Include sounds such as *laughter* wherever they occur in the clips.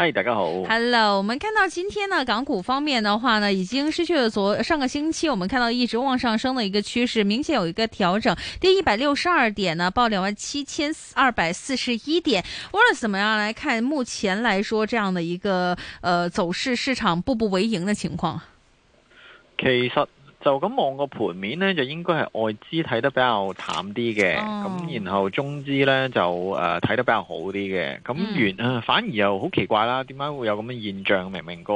嗨，Hi，大家好。Hello，我們看到今天呢，港股方面的話呢，已經失去了昨上個星期我們看到一直往上升的一個趨勢，明顯有一個調整，跌一百六十二點呢，報兩萬七千二百四十一點。我 a 怎麼樣來看目前來說這樣的一個，呃，走勢市場步步為營的情況？其實。就咁望個盤面呢，就應該係外資睇得比較淡啲嘅，咁、oh. 然後中資呢，就誒睇、呃、得比較好啲嘅。咁然、mm. 反而又好奇怪啦，點解會有咁嘅現象？明明個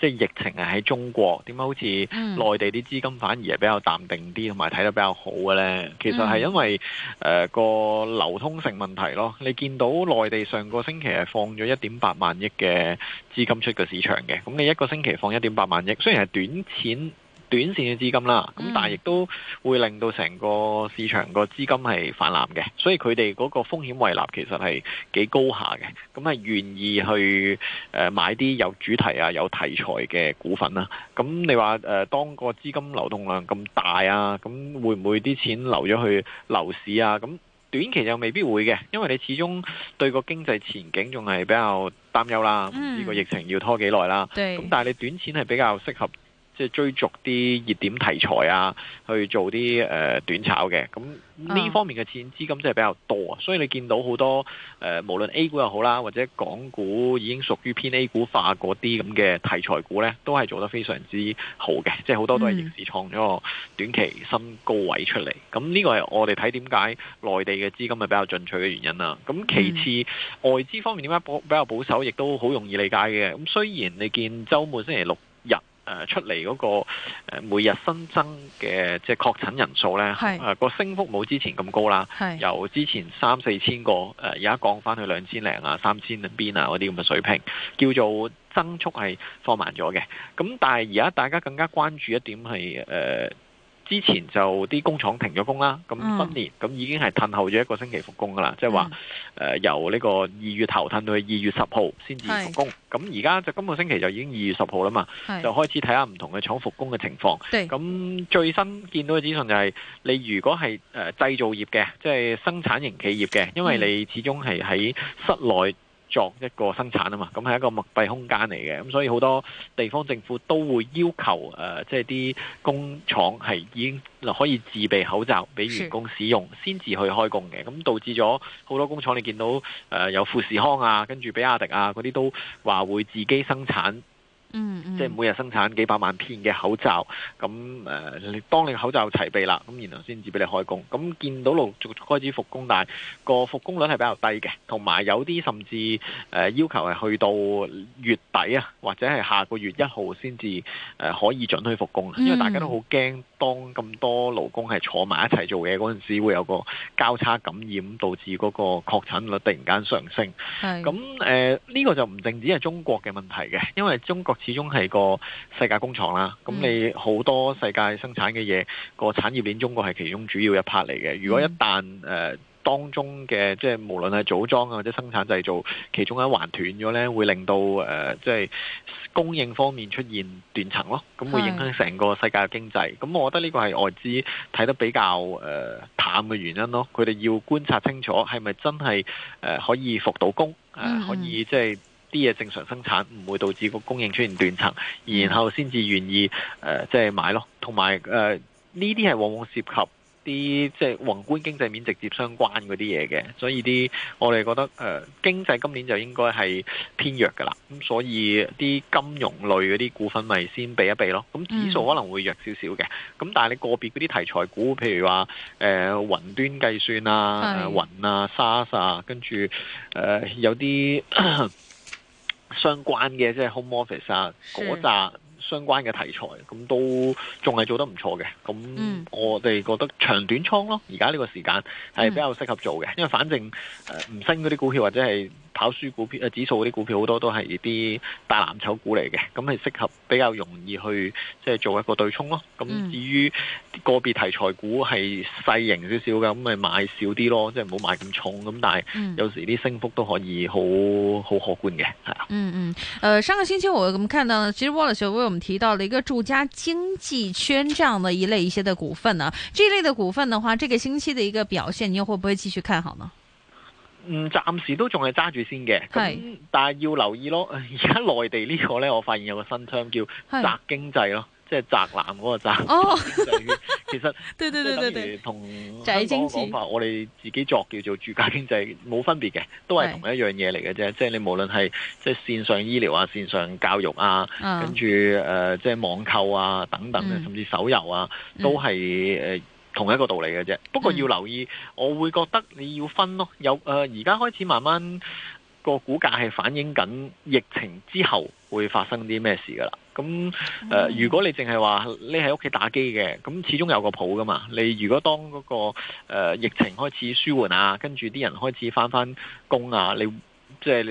即係疫情係喺中國，點解好似內地啲資金反而係比較淡定啲，同埋睇得比較好嘅呢？其實係因為誒、mm. 呃、個流通性問題咯。你見到內地上個星期係放咗一點八萬億嘅資金出嘅市場嘅，咁你一個星期放一點八萬億，雖然係短錢。短綫嘅資金啦，咁但係亦都會令到成個市場個資金係泛濫嘅，所以佢哋嗰個風險胃納其實係幾高下嘅，咁係願意去誒、呃、買啲有主題啊，有題材嘅股份啦、啊。咁你話誒、呃、當個資金流動量咁大啊，咁會唔會啲錢流咗去樓市啊？咁短期又未必會嘅，因為你始終對個經濟前景仲係比較擔憂啦，呢個、嗯、疫情要拖幾耐啦。咁對但係你短錢係比較適合。即係追逐啲熱點題材啊，去做啲誒、呃、短炒嘅。咁呢方面嘅錢資、資金真係比較多啊，所以你見到好多誒、呃，無論 A 股又好啦，或者港股已經屬於偏 A 股化嗰啲咁嘅題材股咧，都係做得非常之好嘅，即係好多都係逆市創咗個短期新高位出嚟。咁呢、mm. 個係我哋睇點解內地嘅資金係比較進取嘅原因啦。咁其次，mm. 外資方面點解保比較保守，亦都好容易理解嘅。咁雖然你見周末星期六。誒、呃、出嚟嗰、那個、呃、每日新增嘅即係確診人數咧，誒個是、呃、升幅冇之前咁高啦，是由之前三四千個誒，而、呃、家降翻去兩千零啊、三千邊啊嗰啲咁嘅水平，叫做增速係放慢咗嘅。咁但係而家大家更加關注一點係誒。呃之前就啲工廠停咗工啦，咁今年咁已經係褪後咗一個星期復工噶啦，即係話誒由呢個二月頭褪到去二月十號先至復工，咁而家就今個星期就已經二月十號啦嘛，是就開始睇下唔同嘅廠復工嘅情況。咁對最新見到嘅資訊就係，你如果係誒製造業嘅，即係生產型企業嘅，因為你始終係喺室內。作一個生產啊嘛，咁係一個密閉空間嚟嘅，咁所以好多地方政府都會要求誒，即係啲工廠係已經可以自備口罩俾員工使用，先至去開工嘅，咁導致咗好多工廠你見到誒、呃、有富士康啊，跟住比亞迪啊嗰啲都話會自己生產。嗯嗯、即係每日生產幾百萬片嘅口罩，咁誒、呃，當你口罩齊備啦，咁然後先至俾你開工。咁見到陸續開始復工，但係個復工率係比較低嘅，同埋有啲甚至、呃、要求係去到月底啊，或者係下個月一號先至可以準許復工，因為大家都好驚。當咁多勞工係坐埋一齊做嘢嗰陣時，會有個交叉感染，導致嗰個確診率突然間上升。咁誒是，呢、呃這個就唔淨止係中國嘅問題嘅，因為中國始終係個世界工廠啦。咁你好多世界生產嘅嘢，個、嗯、產業鏈中國係其中主要一 part 嚟嘅。如果一旦誒，呃當中嘅，即係無論係組裝啊、或者生產製造，其中一環斷咗呢，會令到誒即係供應方面出現斷層咯，咁會影響成個世界嘅經濟。咁的我覺得呢個係外資睇得比較誒、呃、淡嘅原因咯，佢哋要觀察清楚係咪真係誒、呃、可以復到工，誒、呃嗯、哼可以即係啲嘢正常生產，唔會導致個供應出現斷層，然後先至願意誒即係買咯。同埋誒呢啲係往往涉及。啲即係宏觀經濟面直接相關嗰啲嘢嘅，所以啲我哋覺得誒、呃、經濟今年就應該係偏弱噶啦，咁所以啲金融類嗰啲股份咪先避一避咯，咁指數可能會弱少少嘅，咁但係你個別嗰啲題材股，譬如話誒雲端計算啊、雲是、呃、啊、SaaS 啊，跟住誒、呃、有啲 *coughs* 相關嘅，即係 Home Office 啊、國產。相關嘅題材，咁都仲係做得唔錯嘅。咁我哋覺得長短倉咯，而家呢個時間係比較適合做嘅，因為反正呃、唔升嗰啲股票或者係，跑輸股票啊，指數嗰啲股票好多都係啲大藍籌股嚟嘅，咁係適合比較容易去即係做一個對沖咯。咁至於個別題材股係細型少少嘅，咁咪買少啲咯，即係唔好買咁重。咁但係有時啲升幅都可以好好、嗯、可，可觀嘅係、啊嗯。嗯嗯，誒、呃、上個星期我咁看到呢，其實 Wallace 為我們提到了一個住家經濟圈這樣的一類一些嘅股份呢、啊，這一類的股份的話，這個星期的一個表現，你又會不會繼續看好呢？嗯，暫時都仲係揸住先嘅，咁是但係要留意咯。而家內地呢個呢，我發現有個新 t 叫宅經濟咯，是即係宅男嗰個宅。哦， *laughs* 其實 *laughs* 對對對對對，同講講法，我哋自己作叫做住家經濟冇分別嘅，都係同一樣嘢嚟嘅啫。即係是你無論係即係線上醫療啊、線上教育啊，啊跟住誒即係網購啊等等、嗯、甚至手遊啊，都係誒。呃呃嗯同一個道理嘅啫，不過要留意，我會覺得你要分咯。有誒而家開始慢慢個股價係反映緊疫情之後會發生啲咩事噶啦。咁誒、呃、如果你淨係話你喺屋企打機嘅，咁始終有個譜噶嘛。你如果當嗰、嗰個誒、呃、疫情開始舒緩啊，跟住啲人開始翻翻工啊，你即係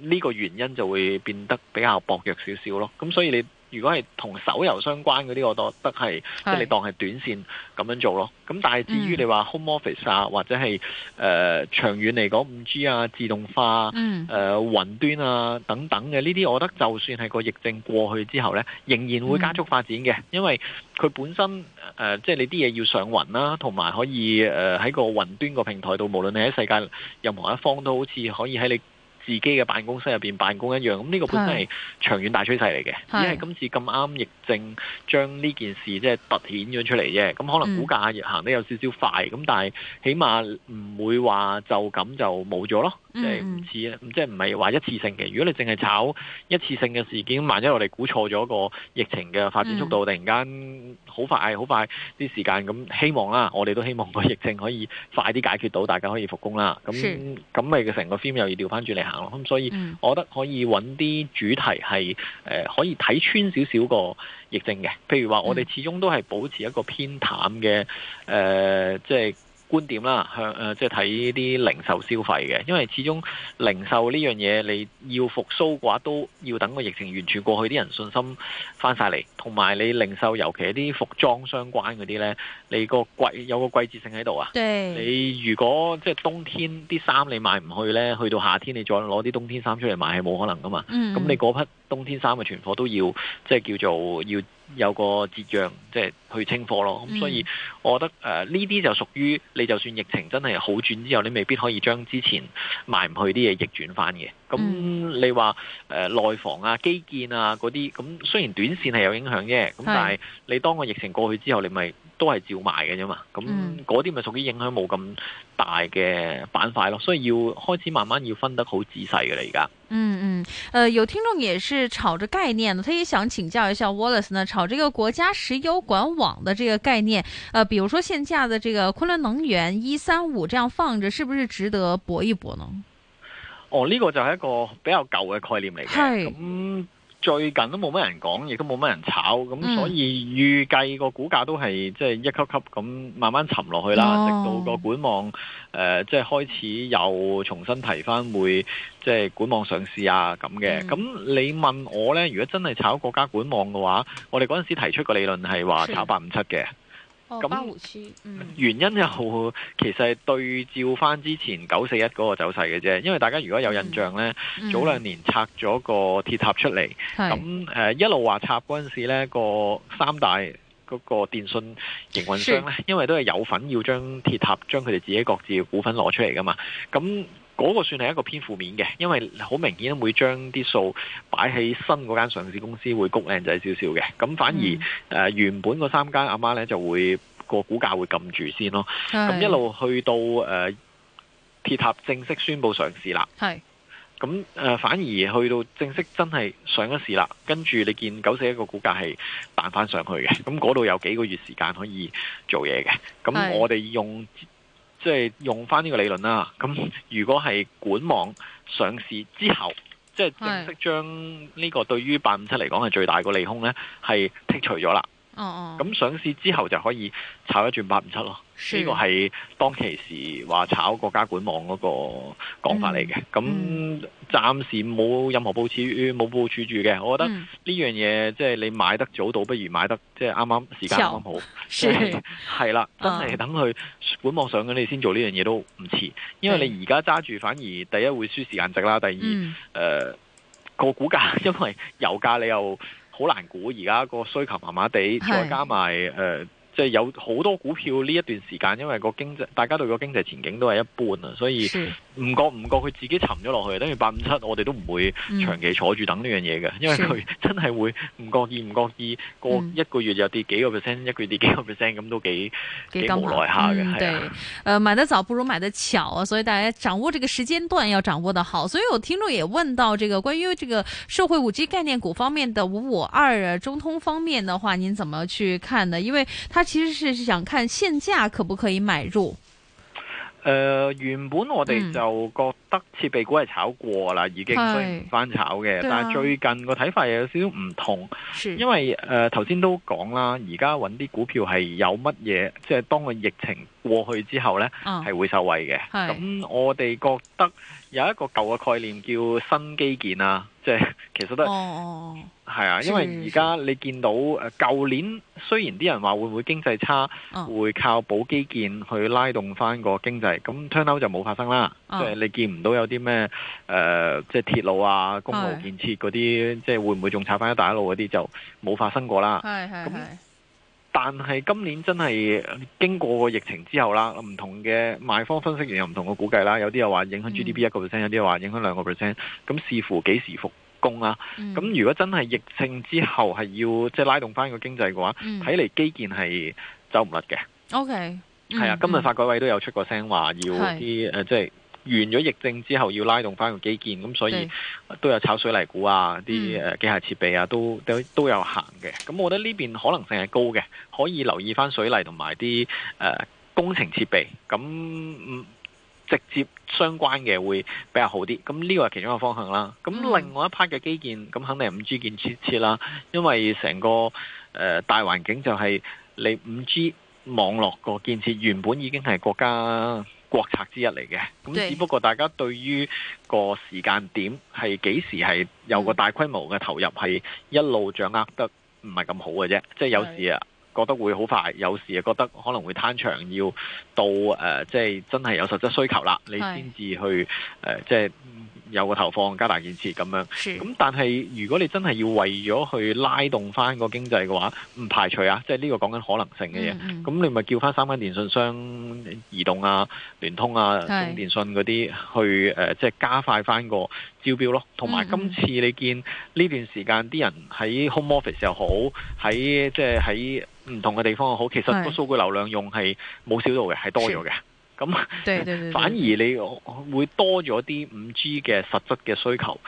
呢個原因就會變得比較薄弱少少咯。咁所以你。如果係同手遊相關嗰啲，我覺得係即係你當係短線咁樣做咯。咁但係至於你話 home office 啊，嗯、或者係誒、呃、長遠嚟講 5G 啊、自動化、嗯誒雲、呃、端啊等等嘅呢啲，我覺得就算係個疫症過去之後咧，仍然會加速發展嘅，嗯、因為佢本身誒、呃、即係你啲嘢要上雲啦、啊，同埋可以誒喺個雲端個平台度，無論你喺世界任何一方，都好似可以喺你。自己嘅辦公室入邊辦公一樣，咁、這、呢個本身係長遠大趨勢嚟嘅，只係今次咁啱疫症將呢件事即係突顯咗出嚟啫。咁可能股價亦行得有少少快，咁、嗯、但係起碼唔會話就咁就冇咗咯，即係唔似即係唔係話一次性嘅。如果你淨係炒一次性嘅事件，萬一我哋估錯咗個疫情嘅發展速度，嗯、突然間好快好快啲時間，咁希望啦，我哋都希望個疫症可以快啲解決到，大家可以復工啦。咁咁咪成個 theme 又要調翻轉嚟。是咁、嗯、所以，我覺得可以揾啲主題係誒、呃，可以睇穿少少個疫症嘅。譬如話，我哋始終都係保持一個偏淡嘅誒，即、呃、係。就是觀點啦，向誒、呃、即係睇啲零售消費嘅，因為始終零售呢樣嘢你要復甦嘅話，都要等個疫情完全過去，啲人信心翻晒嚟，同埋你零售尤其係啲服裝相關嗰啲呢，你個季有個季節性喺度啊。對你如果即係冬天啲衫你賣唔去呢？去到夏天你再攞啲冬天衫出嚟賣係冇可能噶嘛。咁、嗯嗯、你嗰批。冬天衫嘅存貨都要，即係叫做要有個節約，即係去清貨咯。咁、嗯、所以，我覺得誒呢啲就屬於你，就算疫情真係好轉之後，你未必可以將之前賣唔去啲嘢逆轉翻嘅。咁、嗯嗯嗯、你話誒、呃、內房啊、基建啊嗰啲，咁雖然短線係有影響啫，咁但係你當個疫情過去之後，你咪都係照賣嘅啫嘛。咁嗰啲咪屬於影響冇咁大嘅板塊咯。所以要開始慢慢要分得好仔細嘅啦、啊，而家。嗯呃，有聽眾也是炒着概念的，他也想請教一下 Wallace 呢，炒這個國家石油管網的這個概念，呃，比如說現價的這個昆侖能源一三五這樣放着，是不是值得搏一搏呢？哦，呢個就係一個比較舊嘅概念嚟嘅，係，嗯。最近都冇乜人講，亦都冇乜人炒，咁所以預計個股價都係即係一級級咁慢慢沉落去啦，oh. 直到個管網誒，即係開始又重新提翻，會即係管網上市啊咁嘅。咁、oh. 你問我呢？如果真係炒國家管網嘅話，我哋嗰陣時提出個理論係話炒八五七嘅。哦嗯、原因又其實係對照翻之前九四一嗰個走勢嘅啫，因為大家如果有印象呢，嗯嗯、早兩年拆咗個鐵塔出嚟，咁誒是、呃、一路話拆嗰陣時呢，個三大嗰個電信營運商呢，是因為都係有份要將鐵塔將佢哋自己各自嘅股份攞出嚟噶嘛，咁。嗰個算係一個偏負面嘅，因為好明顯會將啲數擺喺新嗰間上市公司會谷靚仔少少嘅，咁反而誒、嗯呃、原本嗰三間阿媽呢，就會、個股價會撳住先咯，咁是的 一路去到誒、呃、鐵塔正式宣佈上市啦，咁誒是的、呃、反而去到正式真係上咗市啦，跟住你見九四一個股價係彈翻上去嘅，咁嗰度有幾個月時間可以做嘢嘅，咁我哋用。即係用翻呢個理論啦。咁如果係管網上市之後，即係正式將呢個對於八五七嚟講係最大個利空呢，係剔除咗啦。哦咁、嗯、上市之後就可以炒一轉八五七咯，呢個係當其時話炒國家管網嗰個講法嚟嘅。咁暫、嗯、時冇任何部署，冇部署住嘅。我覺得呢、嗯、樣嘢即係你買得早到，不如買得即係啱啱時間啱好。係啦，真係等佢管網上緊，你先做呢樣嘢都唔遲。因為你而家揸住，反而第一會輸時間值啦，第二誒、嗯呃、個股價，因為油價你又。好 *noise* 難估，而家個需求麻麻地，再加埋誒，即、呃、係、就是、有好多股票呢一段時間，因為個經濟，大家對個經濟前景都係一般啊，所以。唔覺唔覺佢自己沉咗落去，等於八五七，7, 我哋都唔會長期坐住等呢樣嘢嘅，嗯、因為佢真係會唔覺意唔覺意過一個月就跌幾個 percent，、嗯、一個月跌幾個 percent 咁都幾幾無奈下嘅。對，誒、呃，買得早不如買得巧啊，所以大家掌握這個時間段要掌握得好。所以有聽眾也問到，這個關於這個社會五 G 概念股方面的五五二中通方面的話，您怎麼去看呢？因為他其實是想看現價可不可以買入。誒、呃、原本我哋就覺得。得設備股係炒過啦，已經雖然唔翻炒嘅。但係最近個睇法又有少少唔同，因為誒頭先都講啦，而家揾啲股票係有乜嘢，即係當個疫情過去之後呢，係會受惠嘅。咁我哋覺得有一個舊嘅概念叫新基建啊，即係其實都係啊，因為而家你見到誒舊年雖然啲人話會唔會經濟差，會靠補基建去拉動翻個經濟，咁 turnout 就冇發生啦，即係你見唔到有啲咩？誒，即係鐵路啊、公路建設嗰啲，即係會唔會仲炒翻一帶一路嗰啲？就冇發生過啦。咁的，但係今年真係經過個疫情之後啦，唔同嘅賣方分析員又唔同嘅估計啦。有啲又話影響 GDP 一個 percent，有啲又話影響兩個 percent。咁視乎幾時復工啊。咁如果真係疫情之後係要即係拉動翻個經濟嘅話，睇嚟基建係走唔甩嘅。O K。係啊，今日發改委都有出個聲話，要啲誒，即係。完咗疫症之後，要拉動翻個基建，咁所以都有炒水泥股啊，啲誒機械設備啊，都都有行嘅。咁我覺得呢邊可能性係高嘅，可以留意翻水泥同埋啲誒工程設備，咁直接相關嘅會比較好啲。咁呢個係其中一個方向啦。咁另外一 part 嘅基建，咁肯定係五 G 建設設啦，因為成個誒、呃、大環境就係你五 G 網絡個建設原本已經係國家國策之一嚟嘅，咁只不過大家對於個時間點係幾時係有個大規模嘅投入，係一路掌握得唔係咁好嘅啫，即係有時啊覺得會好快，有時啊覺得可能會攤長，要到誒即係真係有實質需求啦，你先至去誒即係，呃就是嗯有個投放加大建設咁樣，咁但係如果你真係要為咗去拉動翻個經濟嘅話，唔排除啊，即係呢個講緊可能性嘅嘢。咁、嗯嗯、你咪叫翻三間電信商、移動啊、聯通啊、中是電信嗰啲去誒，即、呃、係、就是、加快翻個招標咯。同埋、嗯、今次你見呢段時間啲人喺 home office 又好，喺即係喺唔同嘅地方又好，其實個數據流量用係冇少到嘅，係是多咗嘅。咁 *laughs* 反而你會多咗啲五 G 嘅實質嘅需求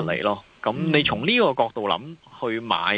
出嚟咯。咁、嗯、你從呢個角度諗去買，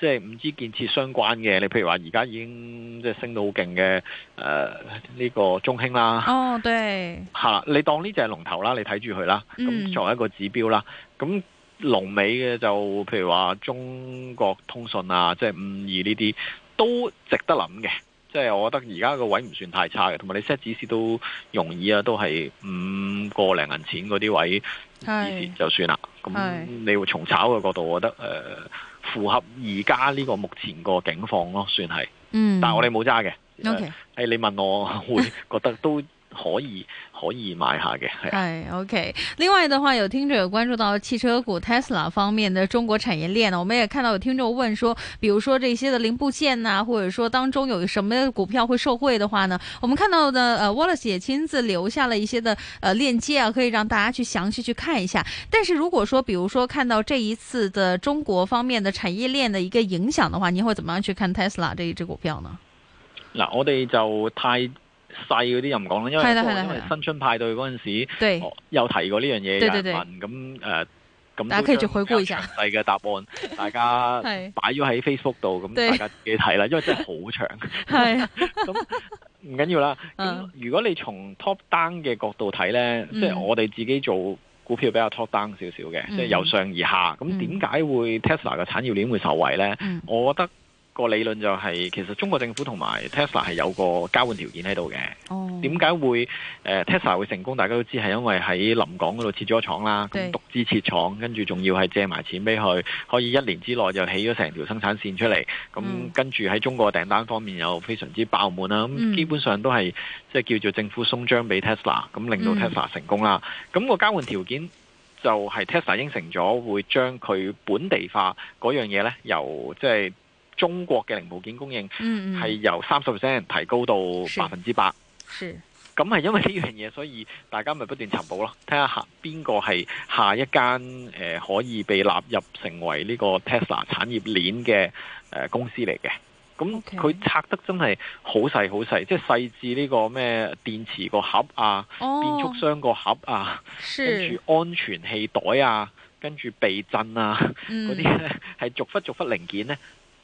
即係五 G 建設相關嘅。你譬如話而家已經即係升到好勁嘅，誒、呃、呢、這個中興啦。哦，對。吓，你當呢隻係龍頭啦，你睇住佢啦。咁作為一個指標啦。咁龍尾嘅就，譬如話中國通訊啊，即係五二呢啲，都值得諗嘅。即係我覺得而家個位唔算太差嘅，同埋你 set 指示都容易啊，都係五個零銀錢嗰啲位以前是就算啦。咁你會從炒嘅角度，我覺得誒、呃、符合而家呢個目前個境況咯，算係。嗯，但係我哋冇揸嘅。O Okay.、呃、你問我會覺得都。 *laughs* 可以可以買下的。係。係 OK，另外的話有聽者有關注到汽車股 Tesla 方面的中國產業鏈呢？我們也看到有聽眾問說，比如說這些的零部件啊，或者說當中有什麼股票會受惠的話呢？我們看到的，呃，Wallace 也親自留下了一些的，呃，鏈接啊，可以讓大家去詳細去看一下。但是如果說，比如說看到這一次的中國方面的產業鏈的一個影響的話，您會怎麼樣去看 Tesla 這一隻股票呢？嗱，我哋就太。細嗰啲又唔講啦，因為因為新春派對嗰陣時，對有提過呢樣嘢，問咁誒，咁大家可以就回顧一下詳細嘅答案，大家係擺咗喺 Facebook 度，咁大家自己睇啦，因為真係好長。係咁唔緊要啦。咁如果你從 top down 嘅角度睇咧，即係我哋自己做股票比較 top down 少少嘅，即係由上而下。咁點解會 Tesla 嘅產業鏈會受惠咧？我覺得。個理論就係、是、其實中國政府同埋 Tesla 係有個交換條件喺度嘅。哦、oh.，點解會誒 Tesla 會成功？大家都知係因為喺臨港嗰度設咗廠啦，對獨資設廠，跟住仲要係借埋錢俾佢，可以一年之內就起咗成條生產線出嚟。咁、mm. 跟住喺中國訂單方面又非常之爆滿啦。咁、mm. 基本上都係即係叫做政府鬆張俾 Tesla，咁令到 Tesla 成功啦。咁、mm. 個交換條件就係 Tesla 應承咗會將佢本地化嗰樣嘢呢，由即係。中國嘅零部件供應係由三十 percent 提高到百分之百，咁係、嗯、因為呢樣嘢，所以大家咪不斷尋寶咯。睇下下邊個係下一間、呃、可以被納入成為呢個 Tesla 產業鏈嘅、呃、公司嚟嘅。咁佢 Okay. 拆得真係好細，好細，即係細緻呢個咩電池個盒啊，變、哦、速箱個盒啊，是跟住安全氣袋啊，跟住避震啊嗰啲咧，係、嗯、 *laughs* 逐忽逐忽零件呢。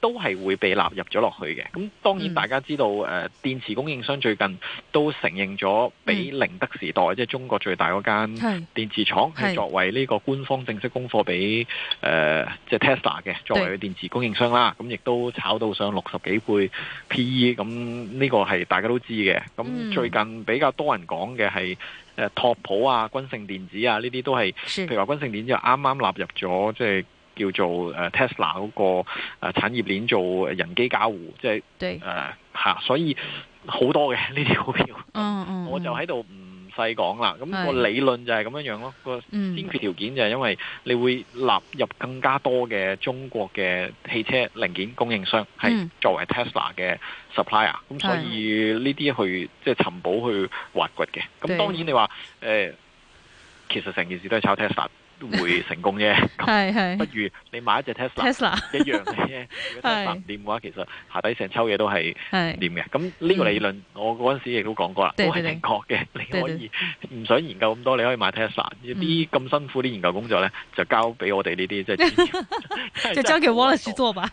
都係會被納入咗落去嘅，咁當然大家知道誒、嗯呃，電池供應商最近都承認咗俾寧德時代，即係、嗯、中國最大嗰間電池廠，係是作為呢個官方正式供貨俾誒，即係 Tesla 嘅作為嘅電池供應商啦。咁亦對、啊、都炒到上六十幾倍 PE，咁呢個係大家都知嘅。咁最近比較多人講嘅係誒拓普啊、均勝電子啊，呢啲都係是譬如話均勝電子啱啱納入咗即係。就是叫做誒 Tesla 嗰個誒、呃、產業鏈做人機交互，即係誒嚇，所以好多嘅呢啲股票，嗯嗯、 *laughs* 我就喺度唔細講啦。咁、嗯、個理論就係咁樣樣咯，個先決條件就係因為你會納入更加多嘅中國嘅汽車零件供應商，係、嗯、作為 Tesla 嘅 supplier，咁、嗯、所以呢啲去即係尋寶去挖掘嘅。咁對當然你話誒、呃，其實成件事都係炒 Tesla。都會成功啫，不如你買一隻 Tesla，T es *laughs* 一樣嘅嘢，如果 Tesla 掂嘅話， *laughs* 其實下底成抽嘢都係掂嘅。咁呢個理論，嗯、我嗰陣時亦都講過啦，我認可嘅。你可以唔想研究咁多，你可以買 Tesla，啲咁辛苦啲研究工作咧，就交俾我哋呢啲即係就交俾 Wallace 做吧。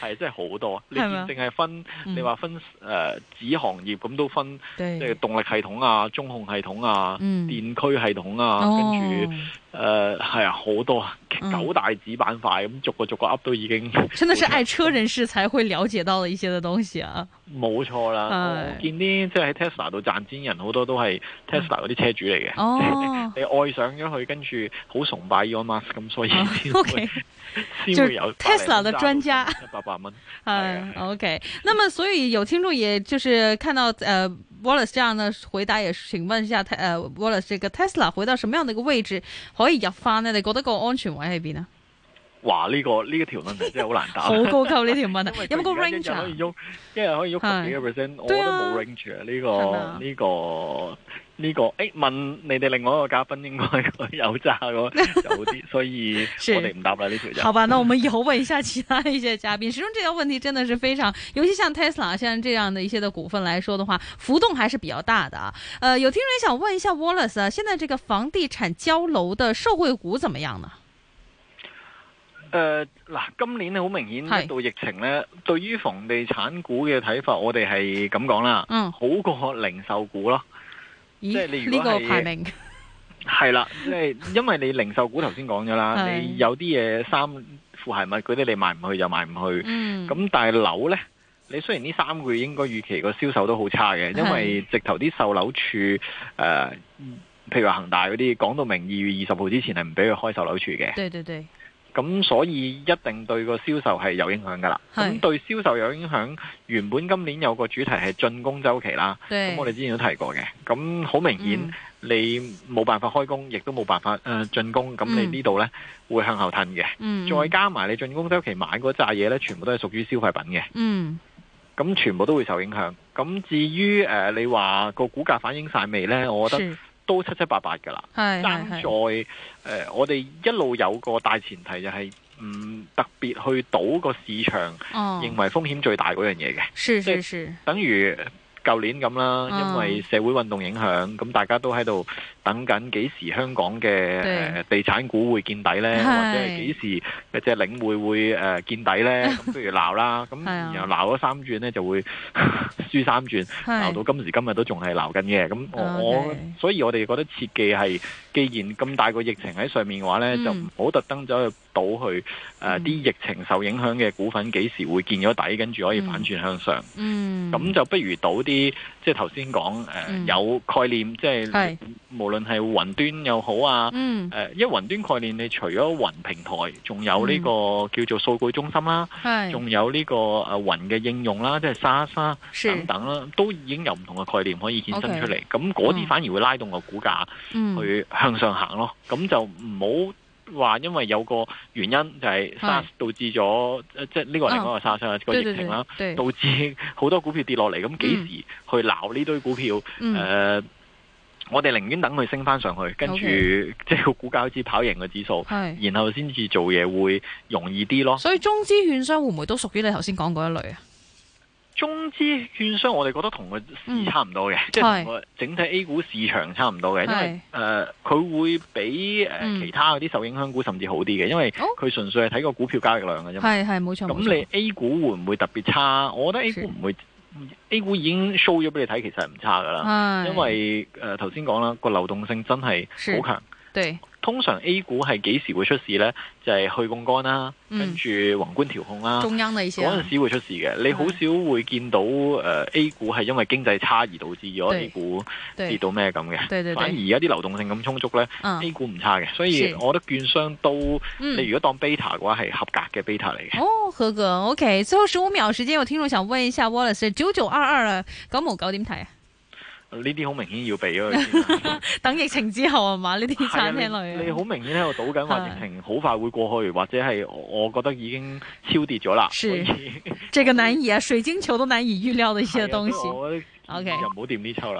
係，真係好多。你淨係分，嗎你話分誒、呃、子行業，咁都分，對即係動力系統啊、中控系統啊、嗯、電驅系統啊，Oh. 跟住誒係啊好多啊。嗯、九大子板塊咁逐個逐個噏都已經，真的是愛車人士才會了解到的一些的東西啊。冇錯啦，呃、我見啲即係喺、就是、Tesla 度賺錢人好多都係 Tesla 嗰啲車主嚟嘅。哦， *laughs* 你愛上咗佢，跟住好崇拜 Elon Musk 咁所以會、啊、OK，先會有 Tesla 嘅專家。一百八蚊。啊，OK，咁麼所以有聽眾也就是看到，誒、呃。Wallace，這樣呢？回答，也請問一下，誒、uh,，Wallace，這個 Tesla 回到什麼樣的一個位置可以入翻咧？你覺得個安全位喺邊啊？哇，呢、這個呢、這個條問題真係好難答， *laughs* 好高級呢條問題，有冇個 range 啊？因為可以喐，有有一日可以喐幾多 percent，我覺得冇 range 啊，呢個呢個。是呢、這個誒，問你哋另外一個嘉賓，應該有揸嘅， *laughs* 有啲，所以我哋唔答啦呢 *laughs* 是條。好吧，那我們有問一下其他一些嘉賓。始終呢條問題真的是非常，尤其像 Tesla 像這樣的一些的股份來說的話，浮動還是比較大的啊、呃。有聽人想問一下 Wallace，現在這個房地產交樓的受惠股怎麼樣呢？嗱、呃，今年好明顯是到疫情呢，對於房地產股嘅睇法，我哋係咁講啦，嗯，好過零售股咯。即係你如果個排名， *laughs* 係啦，即係因為你零售股頭先講咗啦， *laughs* 你有啲嘢衫、褲鞋物嗰啲，你賣唔去就賣唔去。咁、嗯、但係樓呢，你雖然呢三個月應該預期個銷售都好差嘅，因為直頭啲售樓處誒、呃，譬如話恆大嗰啲，講到明二月二十號之前係唔俾佢開售樓處嘅。對對對咁所以一定對個銷售係有影響噶啦，咁是對銷售有影響，原本今年有個主題係進攻周期啦，咁對我哋之前都提過嘅，咁好明顯你冇辦法開工，嗯、亦都冇辦法誒進、呃、攻，咁你呢度呢會向後褪嘅，嗯、再加埋你進攻周期買嗰扎嘢呢，全部都係屬於消費品嘅，咁、嗯、全部都會受影響。咁至於誒、呃、你話個股價反映晒未呢？我覺得。都七七八八噶啦，爭 *noise* 在，在、呃、我哋一路有個大前提就係唔特別去賭個市場認為風險最大嗰樣嘢嘅，即係等於。舊年咁啦，因為社會運動影響，咁、嗯、大家都喺度等緊幾時香港嘅誒對、呃、地產股會見底呢，是或者係幾時嘅隻領匯會誒見底呢。咁的不如鬧啦，咁 *laughs* 然後鬧咗三轉呢，就會輸 *laughs* 三轉，鬧的到今時今日都仲係鬧緊嘅。咁我所以我哋覺得設計係，既然咁大個疫情喺上面嘅話呢，就唔好特登走去。賭去誒啲疫情受影響嘅股份幾時會見咗底，跟住可以反轉向上。嗯，咁就不如賭啲即係頭先講誒有概念，即係無論係雲端又好啊，誒，因為雲端概念，你除咗雲平台，仲有呢個叫做數據中心啦，仲有呢個誒雲嘅應用啦，即係沙沙等等啦，都已經有唔同嘅概念可以衍生出嚟。咁嗰啲反而會拉動個股價去向上行咯。咁就唔好。話因為有個原因就係、是、沙士導致咗，即係呢個係另外一個沙士個疫情啦，啊、對對對對導致好多股票跌落嚟。咁幾、嗯、時去撈呢堆股票？誒、嗯呃，我哋寧願等佢升翻上去，跟住即係個股價好似跑贏個指數，是然後先至做嘢會容易啲咯。所以中資券商會唔會都屬於你頭先講嗰一類啊？中資券商我哋覺得同個市差唔多嘅，嗯、即係同個整體 A 股市場差唔多嘅，嗯、因為誒佢、呃、會比誒、呃嗯、其他嗰啲受影響股甚至好啲嘅，因為佢純粹係睇個股票交易量嘅，係係冇錯。咁你 A 股會唔會特別差？我覺得 A 股唔會是，A 股已經 show 咗俾你睇，其實係唔差噶啦，是因為誒頭先講啦，個、呃、流動性真係好強。對。通常 A 股係幾時會出事呢？就係、是、去槓杆啦，跟住宏觀調控啦、啊，中央嗰陣時會出事嘅。啊、你好少會見到誒、uh, A 股係因為經濟差而導致咗對 A 股跌到咩咁嘅。對對對反而而家啲流動性咁充足呢。嗯、A 股唔差嘅。所以我覺得券商都，嗯、你如果當 beta 嘅話係合格嘅 beta 嚟嘅。哦，合格。OK，最後十五秒時間，有聽眾想問一下 Wallace，九九二二，九毛九點睇啊？呢啲好明顯要避啊， *laughs* 等疫情之後啊嘛？呢啲餐廳類、啊啊、你好明顯喺度賭緊話疫情好快會過去，或者係我，我覺得已經超跌咗啦。所以係， *laughs* 這個難以啊， *laughs* 水晶球都難以預料的一些東西。啊、OK，就唔好掂呢抽啦。